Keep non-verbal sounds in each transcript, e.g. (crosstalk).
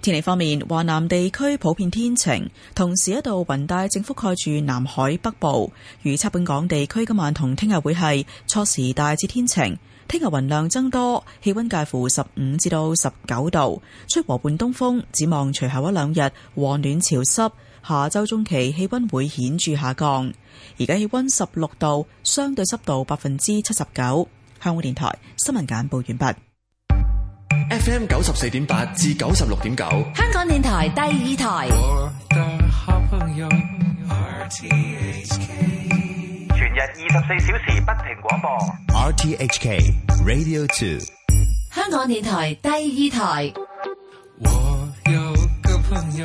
天氣方面，華南地區普遍天晴，同時一度雲帶正覆蓋住南海北部。預測本港地區今晚同聽日會係初時大致天晴，聽日雲量增多，氣溫介乎十五至到十九度，吹和緩東風。展望隨後一兩日和暖潮濕，下周中期氣溫會顯著下降。而家氣溫十六度，相對濕度百分之七十九。香港電台新聞簡報完畢。FM 九十四點八至九十六點九，香港電台第二台，我的好朋友，全日二十四小時不停廣播，RTHK Radio Two，香港電台第二台。我有個朋友。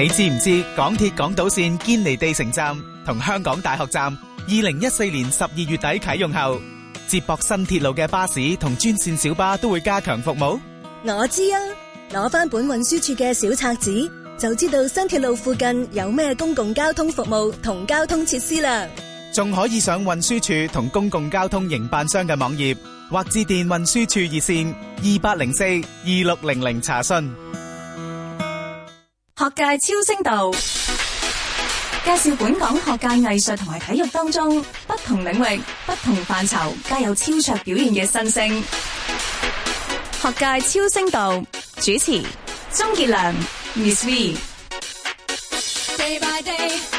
你知唔知港鐵港島線堅尼地城站同香港大學站2014年12月底啟用後，接駁新鐵路嘅巴士同專線小巴都會加強服務我知啊攞返本運輸處嘅小冊子就知道新鐵路附近有咩公共交通服務同交通設施啦仲可以上運輸處同公共交通營辦商嘅網頁或致電運輸處熱線2804 2600查詢學界超聲道，介紹本港學界藝術同埋體育當中不同領域、不同範疇皆有超卓表現嘅新星。學界超聲道主持鍾傑良，Miss V。Day by day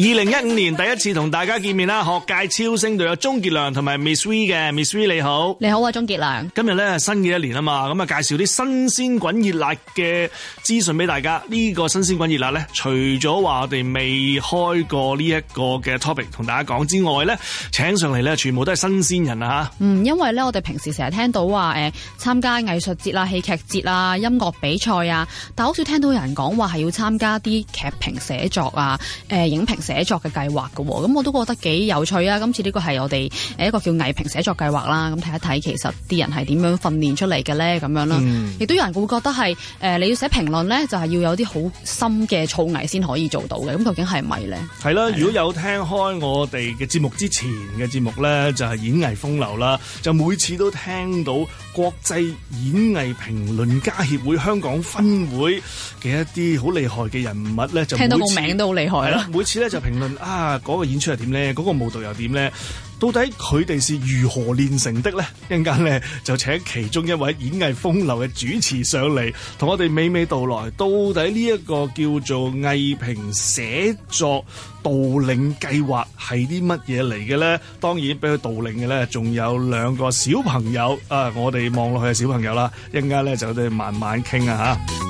二零一五年第一次同大家見面啦，學界超星隊有鐘杰良同埋 Miss V 嘅 Miss V 你好，你好啊鐘杰良。今日咧新嘅一年啊嘛，咁啊介紹啲新鮮滾熱辣嘅資訊俾大家。呢、這個新鮮滾熱辣咧，除咗話我哋未開過呢一個嘅 topic 同大家講之外咧，請上嚟咧全部都係新鮮人啊吓。嗯，因為咧我哋平時成日聽到話誒參加藝術節啦、戲劇節啦、音樂比賽啊，但好似聽到有人講話係要參加啲劇評寫作啊、誒、呃、影評。寫作嘅計劃嘅，咁我都覺得幾有趣啊！今次呢個係我哋誒一個叫藝評寫作計劃啦，咁睇一睇其實啲人係點樣訓練出嚟嘅咧，咁樣啦，亦都有人會覺得係誒、呃、你要寫評論咧，就係、是、要有啲好深嘅造詣先可以做到嘅，咁究竟係咪咧？係啦，啦如果有聽開我哋嘅節目之前嘅節目咧，就係、是、演藝風流啦，就每次都聽到。國際演藝評論家協會香港分會嘅一啲好厲害嘅人物咧，就聽到個名都好厲害啦。每次咧就評論啊，嗰個演出係點咧，嗰個舞蹈又點咧。到底佢哋是如何練成的呢？一陣間咧就請其中一位演藝風流嘅主持上嚟，同我哋娓娓道來。到底呢一個叫做藝評寫作導領計劃係啲乜嘢嚟嘅呢？當然俾佢導領嘅呢，仲有兩個小朋友啊！我哋望落去嘅小朋友啦，一陣間咧就我哋慢慢傾啊嚇。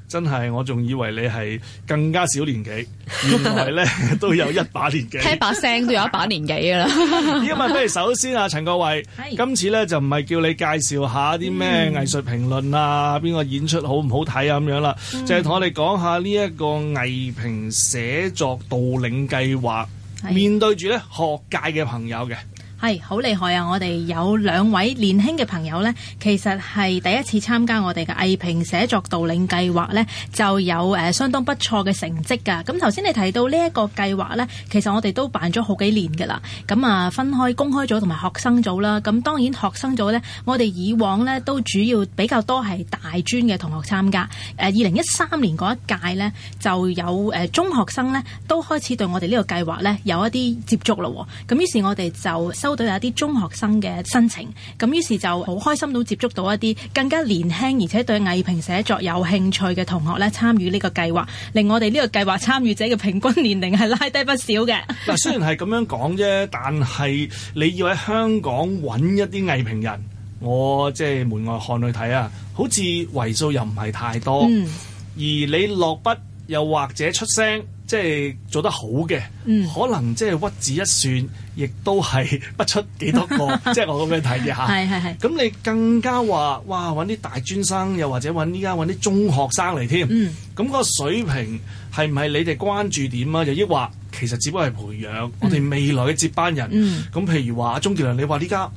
真係，我仲以為你係更加少年紀，原來咧 (laughs) 都有一把年紀。 (laughs) 聽把聲都有一把年紀㗎啦。 (laughs) 因啊，不如首先啊，陳國慧，是今次咧就唔係叫你介紹下啲咩藝術評論啊，邊個、嗯、演出好唔好睇啊咁樣啦，嗯、就係同我哋講下呢一個藝評寫作導領計劃，是面對住咧學界嘅朋友嘅。係好厲害啊！我哋有兩位年輕嘅朋友呢，其實係第一次參加我哋嘅藝評寫作導領計劃呢，就有誒、呃、相當不錯嘅成績噶。咁頭先你提到呢一個計劃咧，其實我哋都辦咗好幾年噶啦。咁、嗯、啊，分開公開組同埋學生組啦。咁、嗯、當然學生組呢，我哋以往呢都主要比較多係大專嘅同學參加。誒、呃，二零一三年嗰一屆呢，就有誒、呃、中學生呢都開始對我哋呢個計劃呢有一啲接觸咯。咁、嗯、於是我哋就收。都都有啲中學生嘅申請，咁於是就好開心到接觸到一啲更加年輕而且對藝評寫作有興趣嘅同學咧參與呢個計劃，令我哋呢個計劃參與者嘅平均年齡係拉低不少嘅。嗱，雖然係咁樣講啫，但係你要喺香港揾一啲藝評人，我即係門外漢去睇啊，好似為數又唔係太多，嗯、而你落筆又或者出聲。即係做得好嘅，嗯、可能即係屈指一算，亦都係不出幾多個。即係 (laughs) 我咁樣睇嘅嚇。係係係。咁你更加話，哇！揾啲大專生，又或者揾依家揾啲中學生嚟添。咁、嗯、個水平係唔係你哋關注點啊？又抑或其實只不過係培養、嗯、我哋未來嘅接班人？咁、嗯嗯、譬如話，鍾傑良，你話呢家？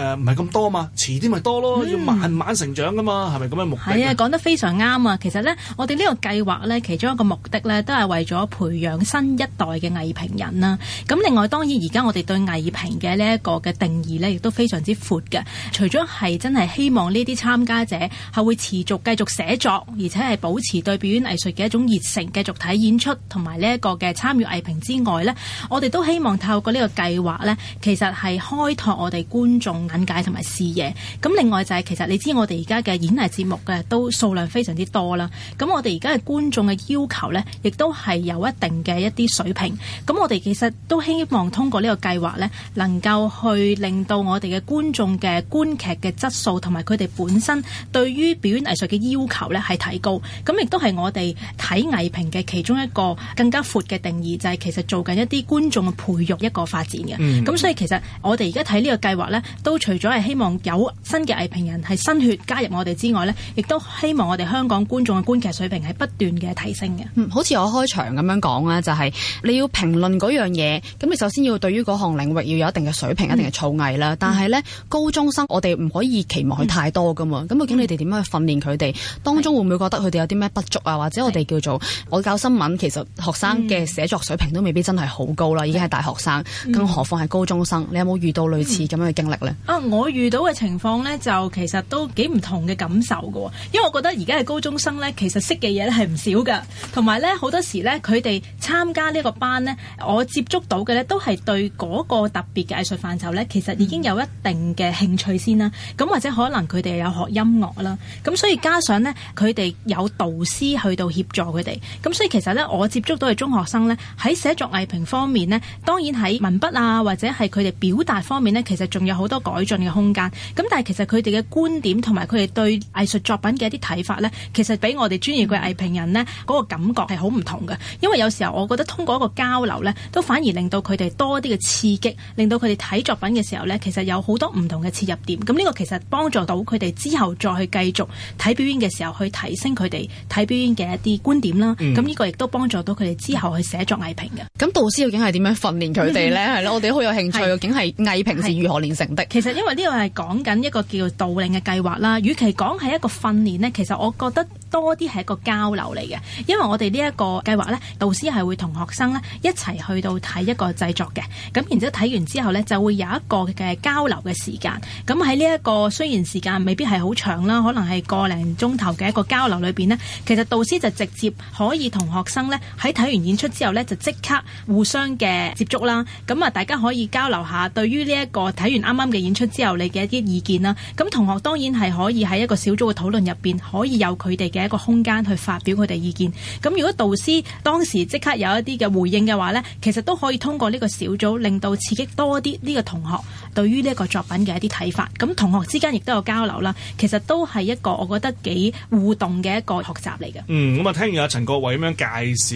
誒唔係咁多嘛，遲啲咪多咯，嗯，要慢慢成長噶嘛，係咪咁嘅目的？係啊，講得非常啱啊！其實咧，我哋呢個計劃咧，其中一個目的咧，都係為咗培養新一代嘅藝評人啦，啊。咁另外當然而家我哋對藝評嘅呢一個嘅定義咧，亦都非常之闊嘅。除咗係真係希望呢啲參加者係會持續繼續寫作，而且係保持對表演藝術嘅一種熱誠，繼續睇演出同埋呢一個嘅參與藝評之外咧，我哋都希望透過個呢個計劃咧，其實係開拓我哋觀眾。眼界同埋視野，咁另外就係、是、其實你知我哋而家嘅演藝節目嘅都數量非常之多啦。咁我哋而家嘅觀眾嘅要求咧，亦都係有一定嘅一啲水平。咁我哋其實都希望通過呢個計劃咧，能夠去令到我哋嘅觀眾嘅觀劇嘅質素，同埋佢哋本身對於表演藝術嘅要求咧係提高。咁亦都係我哋睇藝評嘅其中一個更加闊嘅定義就係、是、其實做緊一啲觀眾嘅培育一個發展嘅。咁、嗯、所以其實我哋而家睇呢個計劃咧，都除咗係希望有新嘅藝評人係新血加入我哋之外呢，亦都希望我哋香港觀眾嘅觀劇水平係不斷嘅提升嘅，嗯。好似我開場咁樣講啦，就係、是、你要評論嗰樣嘢，咁你首先要對於嗰項領域要有一定嘅水平，嗯、一定嘅造詣啦。但係呢，嗯、高中生我哋唔可以期望佢太多噶嘛。咁、嗯、究竟你哋點樣去訓練佢哋？當中會唔會覺得佢哋有啲咩不足啊？或者我哋叫做是我教新聞，其實學生嘅寫作水平都未必真係好高啦，嗯、已經係大學生，更、嗯、何況係高中生。你有冇遇到類似咁樣嘅經歷呢？啊！我遇到嘅情況咧，就其實都幾唔同嘅感受嘅喎，因為我覺得而家嘅高中生咧，其實識嘅嘢咧係唔少噶，同埋咧好多時咧佢哋參加呢個班咧，我接觸到嘅咧都係對嗰個特別嘅藝術範疇咧，其實已經有一定嘅興趣先啦。咁或者可能佢哋有學音樂啦，咁所以加上咧佢哋有導師去到協助佢哋，咁所以其實咧我接觸到嘅中學生咧喺寫作藝評方面咧，當然喺文筆啊或者係佢哋表達方面咧，其實仲有好多，改進嘅空間，咁但係其實佢哋嘅觀點同埋佢哋對藝術作品嘅一啲睇法呢，其實俾我哋專業嘅藝評人呢嗰、嗰個感覺係好唔同嘅。因為有時候我覺得通過一個交流呢，都反而令到佢哋多啲嘅刺激，令到佢哋睇作品嘅時候呢，其實有好多唔同嘅切入點。咁呢個其實幫助到佢哋之後再去繼續睇表演嘅時候，去提升佢哋睇表演嘅一啲觀點啦。咁呢、嗯、個亦都幫助到佢哋之後去寫作藝評嘅。咁、嗯、導師究竟係點樣訓練佢哋呢？係咯，我哋好有興趣，是 究竟係藝評是如何煉成的？其實因為呢個係講緊一個叫做導領嘅計劃啦，與其講係一個訓練咧，其實我覺得，多啲係一個交流嚟嘅，因為我哋呢一個計劃咧，導師係會同學生咧一齊去到睇一個製作嘅，咁然之後睇完之後咧就會有一個嘅交流嘅時間，咁喺呢一個雖然時間未必係好長啦，可能係個零鐘頭嘅一個交流裏邊咧，其實導師就直接可以同學生咧喺睇完演出之後咧就即刻互相嘅接觸啦。咁啊，大家可以交流下對於呢一個睇完啱啱嘅演出之後你嘅一啲意見啦。咁同學當然係可以喺一個小組嘅討論入邊可以有佢哋嘅。一個空間去發表佢哋意見，咁如果導師當時即刻有一啲嘅回應嘅話咧，其實都可以通過呢個小組令到刺激多啲呢個同學對於呢個作品嘅一啲睇法，咁同學之間亦都有交流啦。其實都係一個我覺得幾互動嘅一個學習嚟嘅。嗯，咁啊，聽完阿陳國慧咁樣介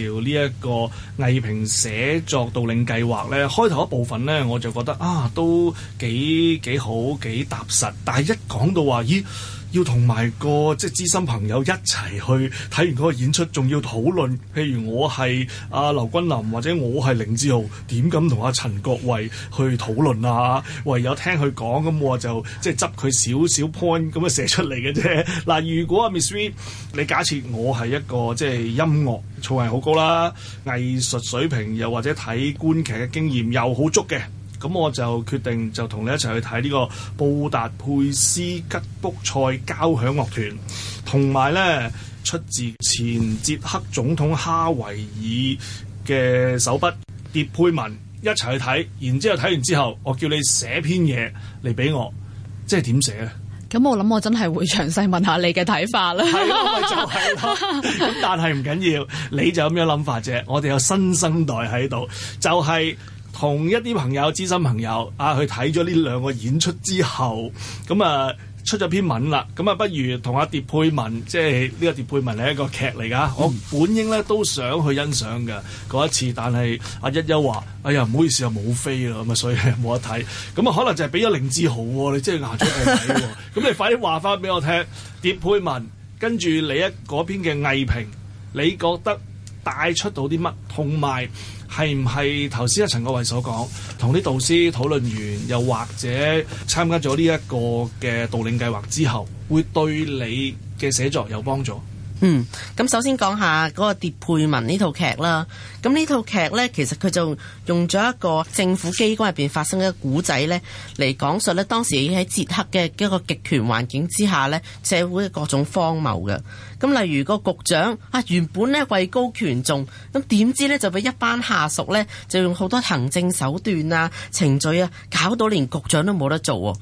紹呢一個藝評寫作導領計劃咧，開頭一部分咧，我就覺得啊，都幾幾好，幾踏實。但係一講到話，咦？要同埋個即係知心朋友一齊去睇完嗰個演出，仲要討論。譬如我係阿劉君琳，或者我係凌志豪，點敢同阿陳國慧去討論啊？唯有聽佢講，咁我就即係執佢少少 point 咁樣寫出嚟嘅啫。嗱， (laughs) 如果阿 Miss V，你假設我係一個即係音樂素質好高啦，藝術水平又或者睇觀劇嘅經驗又好足嘅。咁我就決定就同你一齊去睇呢個布達佩斯吉卜賽交響樂團，同埋呢出自前捷克總統哈維爾嘅手筆，迭佩文一齊去睇，然之後睇完之後，我叫你寫篇嘢嚟俾我，即係點寫咧？咁我諗我真係會詳細問下你嘅睇法啦。係、 (laughs) 啊就係、但係唔緊要，你就咁樣諗法啫。我哋有新生代喺度，就係。同一啲朋友、知心朋友啊，去睇咗呢兩個演出之後，咁啊出咗篇文啦，咁啊不如同阿蝶佩文，即係呢個蝶佩文係一個劇嚟噶。嗯、我本應咧都想去欣賞嘅嗰一次，但係阿、啊、一休話，哎呀，唔好意思啊，冇飛咯，咁啊，所以冇得睇。咁啊，可能就係俾咗凌志豪、啊，你即係捱咗個底。咁、 (laughs) 啊、你快啲話翻俾我聽，蝶佩文跟住你一嗰篇嘅藝評，你覺得？帶出到啲乜，同埋係唔係頭先阿陳國慧所講，同啲導師討論完，又或者參加咗呢一個嘅導領計劃之後，會對你嘅寫作有幫助？嗯，咁首先講下嗰、那個《蝶配文》呢套劇啦。咁呢套劇呢，其實佢就用咗一個政府機關入邊發生嘅古仔呢，嚟講述呢，當時喺捷克嘅一個極權環境之下呢，社會嘅各種荒謬嘅。咁例如個局長啊，原本呢位高權重，咁點知呢就俾一班下屬呢，就用好多行政手段啊、程序啊，搞到連局長都冇得做喎。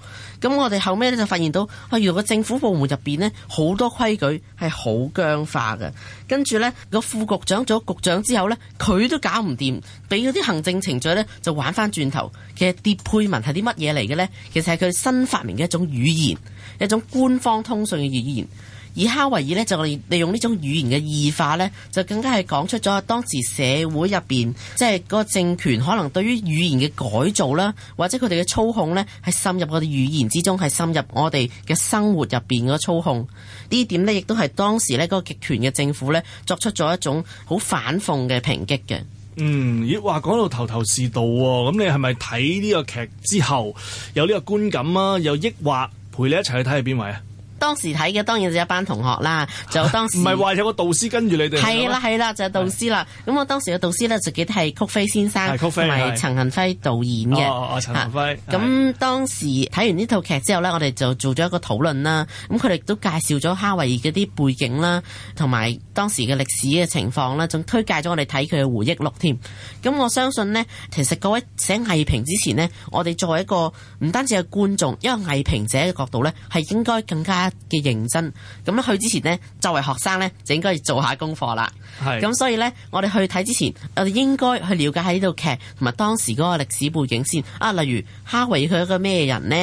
咁我哋後尾呢就發現到啊，原來個政府部門入邊呢，好多規矩係好僵化嘅。跟住呢個副局長做咗局長之後呢，佢，佢都搞唔掂，俾嗰啲行政程序咧就玩翻轉頭。其實啲配文係啲乜嘢嚟嘅咧？其實係佢新發明嘅一種語言，一種官方通訊嘅語言。以哈維爾咧就利利用呢種語言嘅異化咧，就更加係講出咗當時社會入邊，即係嗰個政權可能對於語言嘅改造啦，或者佢哋嘅操控咧，係滲入我哋語言之中，係滲入我哋嘅生活入邊嘅操控。點呢點咧亦都係當時咧嗰個極權嘅政府咧作出咗一種好反諷嘅抨擊嘅。嗯，咦？哇！講到頭頭是道喎、哦，咁你係咪睇呢個劇之後有呢個觀感啊？有抑或陪你一齊去睇下邊位啊？當時睇嘅當然就一班同學啦，就當時唔係話有個導師跟住你哋係啦係啦，就係、是、導師啦。咁、啊、我當時嘅導師咧就記得係曲飛先生同埋、啊、陳恆輝導演嘅。哦哦、啊，啊、陳恆輝。咁、啊、當時睇完呢套劇之後咧，我哋就做咗一個討論啦。咁佢哋都介紹咗哈維爾嘅啲背景啦，同埋當時嘅歷史嘅情況啦，仲推介咗我哋睇佢嘅回憶錄添。咁我相信呢，其實各位寫藝評之前呢，我哋作為一個唔單止係觀眾，因為藝評者嘅角度咧，係應該更加嘅認真咁去之前呢，作為學生呢，就應該要做下功課啦。咁是所以呢，我哋去睇之前，我哋應該去了解下呢套劇同埋當時嗰個歷史背景先。啊，例如哈維佢係一個咩人呢？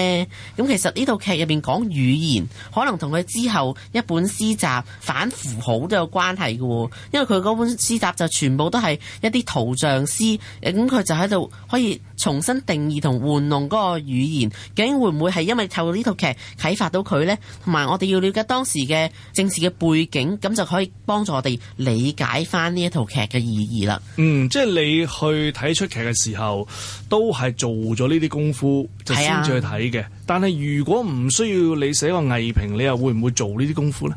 咁其實呢套劇入邊講語言，可能同佢之後一本詩集《反符號》都有關係嘅喎。因為佢嗰本詩集就全部都係一啲圖像詩，咁佢就喺度可以重新定義同玩弄嗰個語言，究竟會唔會係因為透過呢套劇啟發到佢呢？同埋我哋要了解當時嘅政治嘅背景，咁就可以幫助我哋理解翻呢一套劇嘅意義啦。嗯，即係你去睇出劇嘅時候，都係做咗呢啲功夫就先至去睇嘅。啊，但係如果唔需要你寫個藝評，你又會唔會做呢啲功夫咧？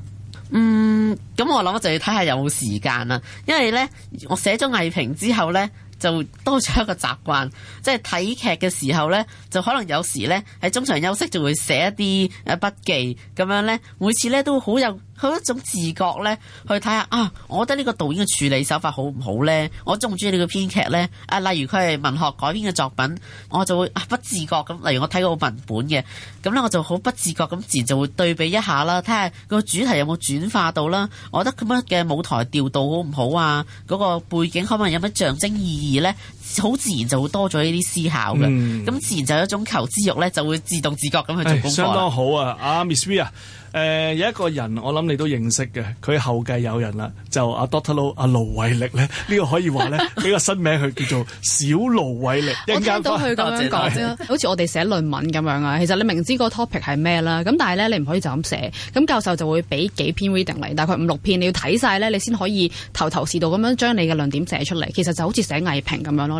嗯，咁我諗就要睇下有冇時間啦。因為咧，我寫咗藝評之後咧。就多咗一個習慣，即係睇劇嘅時候咧，就可能有時咧喺中場休息，就會寫一啲誒筆記咁樣咧，每次咧都好有。好一種自覺咧，去睇下啊！我覺得呢個導演嘅處理手法好唔好咧？我鍾唔鍾意呢個編劇咧？啊，例如佢係文學改編嘅作品，我就會、啊、不自覺咁，例如我睇過個文本嘅，咁咧我就好不自覺咁自然就會對比一下啦，睇下個主題有冇轉化到啦。我覺得咁樣嘅舞台調度好唔好啊？嗰、嗰個背景可能有乜象徵意義咧？好自然就會多咗呢啲思考嘅，咁、嗯、自然就有一種求知欲咧，就會自動自覺咁去做功課、哎、相當好啊，阿 Ms V 啊，誒、啊、有一個人我諗你都認識嘅，佢後繼有人啦，就阿、啊、Doctor Lou 阿、啊、盧偉力咧，呢、這個可以話咧呢個 (laughs) 新名，佢叫做小盧偉力。 (laughs) 我聽到佢咁樣講啫， (laughs) 對 好似我哋寫論文咁樣啊。 (laughs) 其實你明知個 topic 係咩啦，咁但係咧你唔可以就咁寫，咁教授就會俾幾篇 reading 嚟，大概五六篇你要睇晒咧，你先可以頭頭是道咁樣將你嘅論點寫出嚟。其實就好似寫藝評咁樣咯。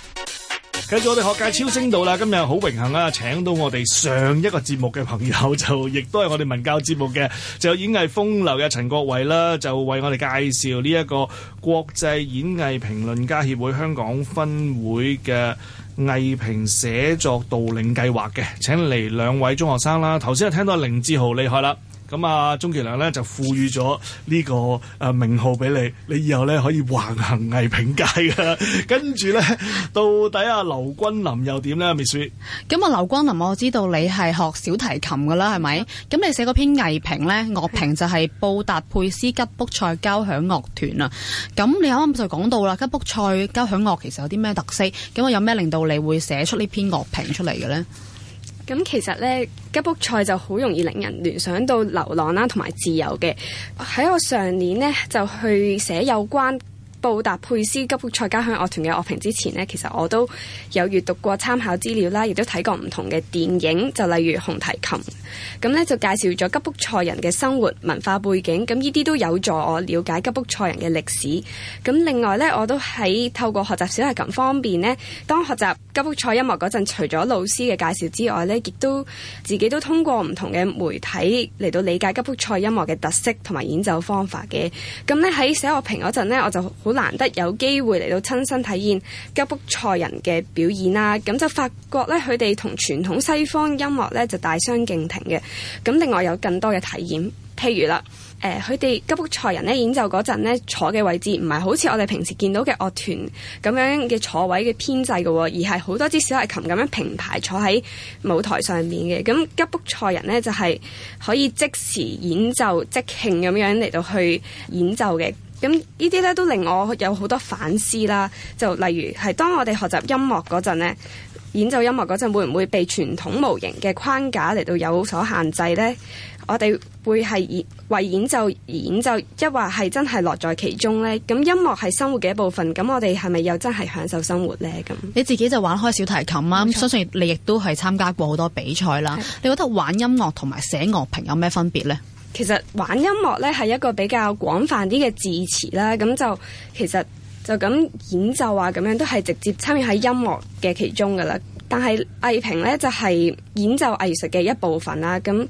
跟住我哋學界超聲道啦，今日好榮幸啊，請到我哋上一個節目嘅朋友，就亦都係我哋文教節目嘅，就有演藝風流嘅陳國慧啦，就為我哋介紹呢一個國際演藝評論家協會香港分會嘅藝評寫作導領計劃嘅，請嚟兩位中學生啦，頭先就聽到凌志豪，厲害啦。咁啊，鍾傑良咧就賦予咗呢個誒名號俾你，你以後咧可以橫行藝評界嘅。 (laughs) 跟住咧，到底阿劉君林又點咧？秘書。咁啊，劉君林，我知道你係學小提琴嘅啦，係咪？咁、嗯、你寫嗰篇藝評咧，樂評就係布達佩斯吉卜賽交響樂團啊。咁你啱啱就講到啦，吉卜賽交響樂其實有啲咩特色？咁我有咩令到你會寫出呢篇樂評出嚟嘅咧？咁其實呢，吉卜賽就好容易令人聯想到流浪啦，同埋自由嘅。喺我上年呢，就去寫有關布達佩斯吉卜賽交響樂團嘅樂評之前呢，其實我都有閱讀過參考資料啦，亦都睇過唔同嘅電影，就例如《紅提琴》。咁、嗯、呢，就介紹咗吉卜賽人嘅生活文化背景，咁呢啲都有助我了解吉卜賽人嘅歷史。咁、嗯、另外呢，我都喺透過學習小提琴方面呢，當學習吉卜賽音樂嗰陣，除咗老師嘅介紹之外呢，亦都自己都通過唔同嘅媒體嚟到理解吉卜賽音樂嘅特色同埋演奏方法嘅。咁、嗯、呢，喺寫樂評嗰陣咧，我就。好難得有機會嚟到親身體驗吉卜賽人嘅表演啦、啊，咁就發覺咧，佢哋同傳統西方音樂咧就大相徑庭嘅。咁另外有更多嘅體驗，譬如啦，誒、呃，佢哋吉卜賽人咧演奏嗰陣咧，坐嘅位置唔係好似我哋平時見到嘅樂團咁樣嘅坐位嘅編制噶、哦，而係好多支小提琴咁樣平排坐喺舞台上面嘅。咁吉卜賽人呢就係、是、可以即時演奏即興咁樣嚟到去演奏嘅。咁呢啲咧都令我有好多反思啦。就例如係當我哋學習音樂嗰陣咧，演奏音樂嗰陣會唔會被傳統模型嘅框架嚟到有所限制咧？我哋會係為演奏而演奏，抑或係真係樂在其中咧？咁音樂係生活嘅一部分，咁我哋係咪又真係享受生活咧？咁你自己就玩開小提琴啊，錯相信你亦都係參加過好多比賽啦。的你覺得玩音樂同埋寫樂評有咩分別咧？其實玩音樂咧係一個比較廣泛啲嘅字詞啦，咁就其實就咁演奏啊，咁樣都係直接參與喺音樂嘅其中噶啦。但係藝評咧就係演奏藝術嘅一部分啦，咁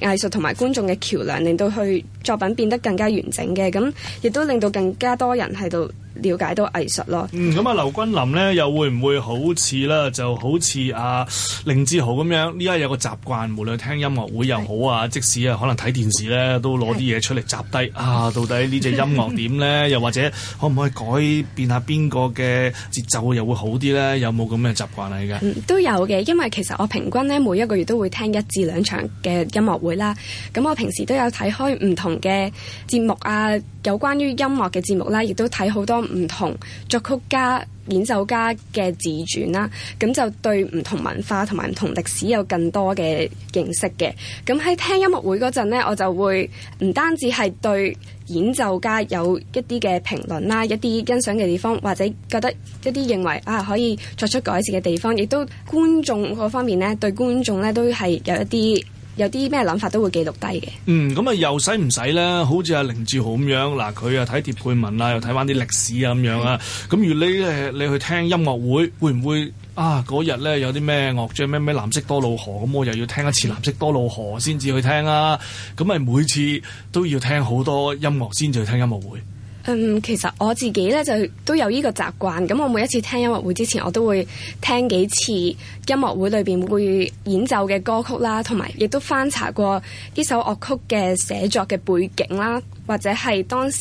藝術同埋觀眾嘅橋梁，令到佢作品變得更加完整嘅，咁亦都令到更加多人喺度了解到藝術咯。嗯，咁啊，劉君琳咧又會唔會好似啦，就好似啊凌志豪咁樣呢家有個習慣，無論聽音樂會又好啊，即使啊可能睇電視咧，都攞啲嘢出嚟摘低啊。到底呢隻音樂點咧？又或者可唔可以改變下邊個嘅節奏又會好啲咧？有冇咁嘅習慣嚟嘅？嗯，都有嘅，因為其實我平均咧每一個月都會聽一至兩場嘅音樂會啦。咁我平時都有睇開唔同嘅節目啊，有關於音樂嘅節目啦，亦都睇好多。唔同作曲家、演奏家嘅自傳啦，咁就對唔同文化同埋唔同歷史有更多嘅認識嘅。咁喺聽音樂會嗰陣咧，我就會唔單止係對演奏家有一啲嘅評論啦，一啲欣賞嘅地方，或者覺得一啲認為啊可以作出改善嘅地方，亦都觀眾嗰方面咧，對觀眾咧都係有一啲。有啲咩諗法都會記錄低嘅。嗯，咁啊又使唔使咧？好似阿凌志豪咁樣，嗱佢啊睇貼配文啊，又睇翻啲歷史啊咁樣啊。咁如果你誒你去聽音樂會，會唔會啊嗰日咧有啲咩樂章咩咩藍色多瑙河咁，我又要聽一次藍色多瑙河先至去聽啊。咁咪每次都要聽好多音樂先至去聽音樂會。嗯，其實我自己咧就都有呢個習慣，咁我每一次聽音樂會之前，我都會聽幾次音樂會裏邊會演奏嘅歌曲啦，同埋亦都翻查過呢首樂曲嘅寫作嘅背景啦，或者係當時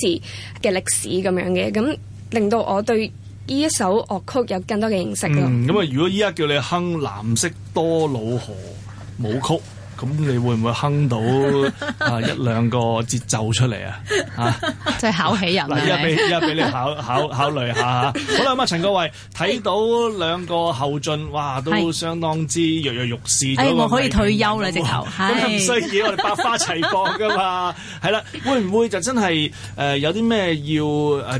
嘅歷史咁樣嘅，咁令到我對呢一首樂曲有更多嘅認識咯。咁啊，嗯，如果依家叫你哼藍色多瑙河舞曲，咁、嗯、你會唔會哼到、啊、一兩個節奏出嚟啊？啊，即係考起人。嗱，依家俾依家俾你考 (laughs) 考考慮下。好啦，咁啊，陳國慧睇到兩個後進，哇，都相當之躍躍欲試。誒，我可以退休啦，直頭球。咁唔需要我哋百花齊放噶嘛？係啦，會唔會就真係誒、呃、有啲咩要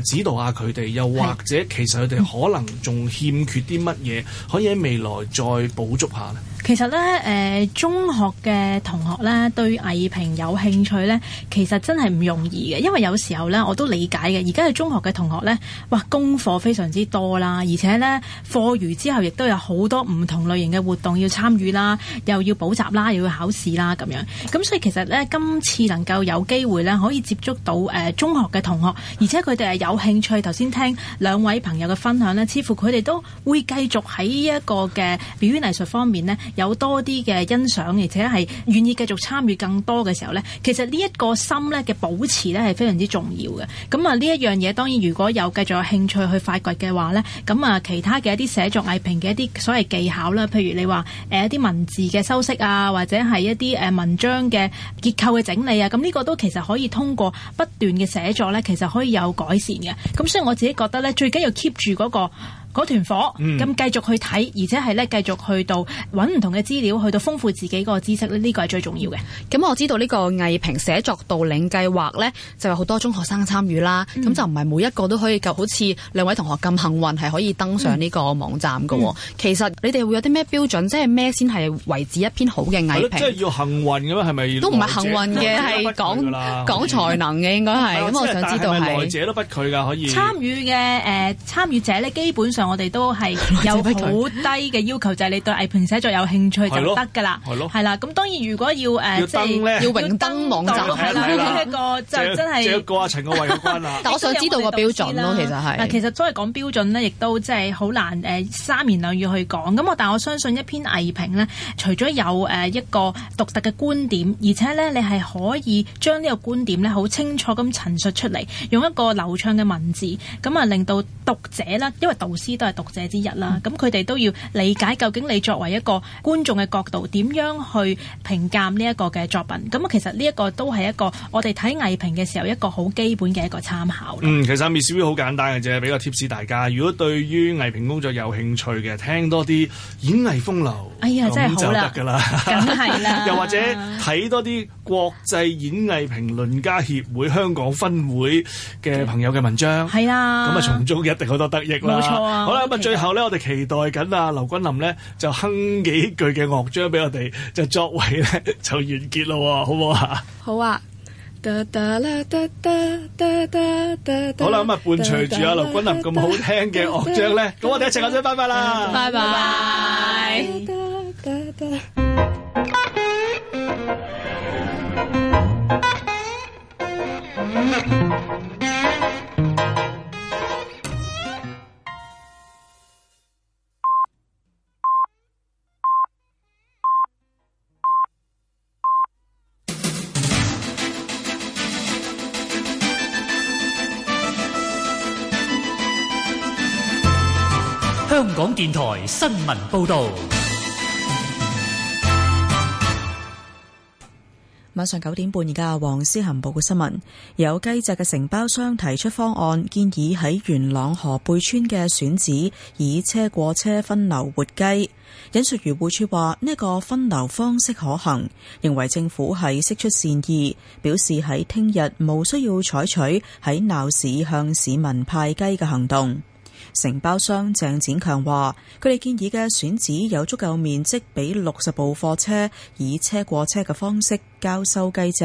誒指導下佢哋？又或者其實佢哋可能仲欠缺啲乜嘢，可以喺未來再補足下咧？其實咧，誒中學嘅同學咧對藝評有興趣咧，其實真係唔容易嘅，因為有時候咧我都理解嘅。而家係中學嘅同學咧，哇，功課非常之多啦，而且咧課餘之後亦都有好多唔同類型嘅活動要參與啦，又要補習啦，又要考試啦咁樣。咁所以其實咧，今次能夠有機會咧可以接觸到誒中學嘅同學，而且佢哋係有興趣，頭先聽兩位朋友嘅分享咧，似乎佢哋都會繼續喺一個嘅表演藝術方面咧，有多啲嘅欣賞，而且係願意繼續參與更多嘅時候呢，其實呢一個心呢嘅保持呢係非常之重要嘅。咁啊，呢一樣嘢當然如果有繼續有興趣去發掘嘅話呢，咁啊其他嘅一啲寫作藝評嘅一啲所謂技巧啦，譬如你話誒一啲文字嘅修飾啊，或者係一啲誒文章嘅結構嘅整理啊，咁呢個都其實可以通過不斷嘅寫作呢，其實可以有改善嘅。咁所以我自己覺得呢，最緊要 keep 住嗰個嗰團火，咁繼續去睇，而且係咧繼續去到揾唔同嘅資料，去到豐富自己個知識，呢個係最重要嘅。咁、嗯、我知道呢個藝評寫作導領計劃咧，就有好多中學生參與啦。咁、嗯、就唔係每一個都可以夠好似兩位同學咁幸運，係可以登上呢個網站嘅、喔。嗯、其實你哋會有啲咩標準，即係咩先係維持一篇好嘅藝評？即係要幸運嘅咩？係咪都唔係幸運嘅，係講講,講才能嘅應該係。咁以、嗯、我想知道係參與嘅誒、呃、參與者咧，基本上。我哋都係有好低嘅要求，就係、是、你對藝評寫作有興趣就得㗎啦，係啦。咁當然如果要誒，呃、要登要榮登網站係啦，呢一個就真係，借個阿陳君我想知道個標準咯，其實係。其實所以講標準咧，亦都即係好難誒、呃、三言兩語去講。咁我但係我相信一篇藝評咧，除咗有誒一個獨特嘅觀點，而且咧你係可以將呢個觀點咧好清楚咁陳述出嚟，用一個流暢嘅文字，咁啊令到讀者啦，因為導師。啲都係讀者之一啦，咁佢哋都要理解究竟你作為一個觀眾嘅角度，點樣去評鑑呢一個嘅作品。咁啊，其實呢一個都係一個我哋睇藝評嘅時候一個好基本嘅一個參考。嗯，其實 Miss V 好簡單嘅啫，俾個貼士大家。如果對於藝評工作有興趣嘅，聽多啲演藝風流，哎呀，真係好得㗎啦，梗係啦。又或者睇多啲國際演藝評論家協會香港分會嘅朋友嘅文章，係啊，咁啊，從中一定好多得益啦。冇錯啊。好啦，咁啊，最後咧，我哋期待緊啊，劉君琳咧就哼幾句嘅樂章俾我哋，就作為咧就完結咯，好唔好啊？好啊。好啦，咁啊，伴隨住啊，劉君琳咁好聽嘅樂章咧，咁我哋一齊講聲拜拜啦，拜拜。香港電台新聞報道，晚上九點半，而家黃思恒報嘅新聞，有雞隻嘅承包商提出方案，建議喺元朗河背村嘅選址以車過車分流活雞。引述漁護署話，呢個分流方式可行，認為政府係釋出善意，表示喺聽日冇需要採取喺鬧市向市民派雞嘅行動。承包商鄭展強話，佢哋建議嘅選址有足夠面積，俾六十部貨車以車過車嘅方式交收雞隻，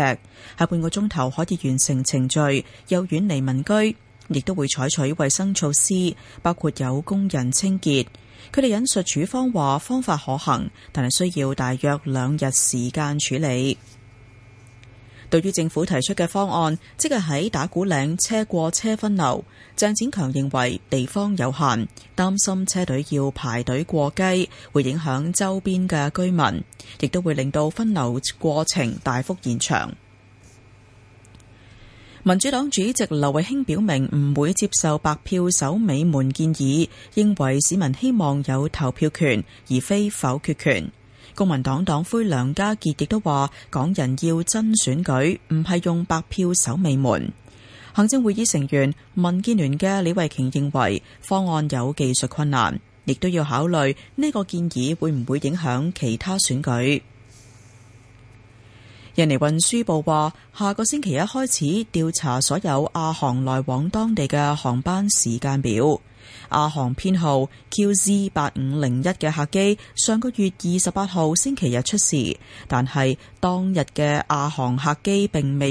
喺半個鐘頭可以完成程序，又遠離民居，亦都會採取衛生措施，包括有工人清潔。佢哋引述處方話方法可行，但係需要大約兩日時間處理。對於政府提出嘅方案，即係喺打鼓嶺車過車分流，鄭展強認為地方有限，擔心車隊要排隊過雞，會影響周邊嘅居民，亦都會令到分流過程大幅延長。民主黨主席劉慧卿表明唔會接受白票守尾門建議，認為市民希望有投票權，而非否決權。公民黨黨魁梁家傑亦都話：港人要真選舉，唔係用白票守尾門。行政會議成員民建聯嘅李慧瓊認為方案有技術困難，亦都要考慮呢個建議會唔會影響其他選舉。印尼運輸部話：下個星期一開始調查所有亞航來往當地嘅航班時間表。亞航編號 QZ 八五零一嘅客機上個月二十八號星期日出事，但係當日嘅亞航客機並未。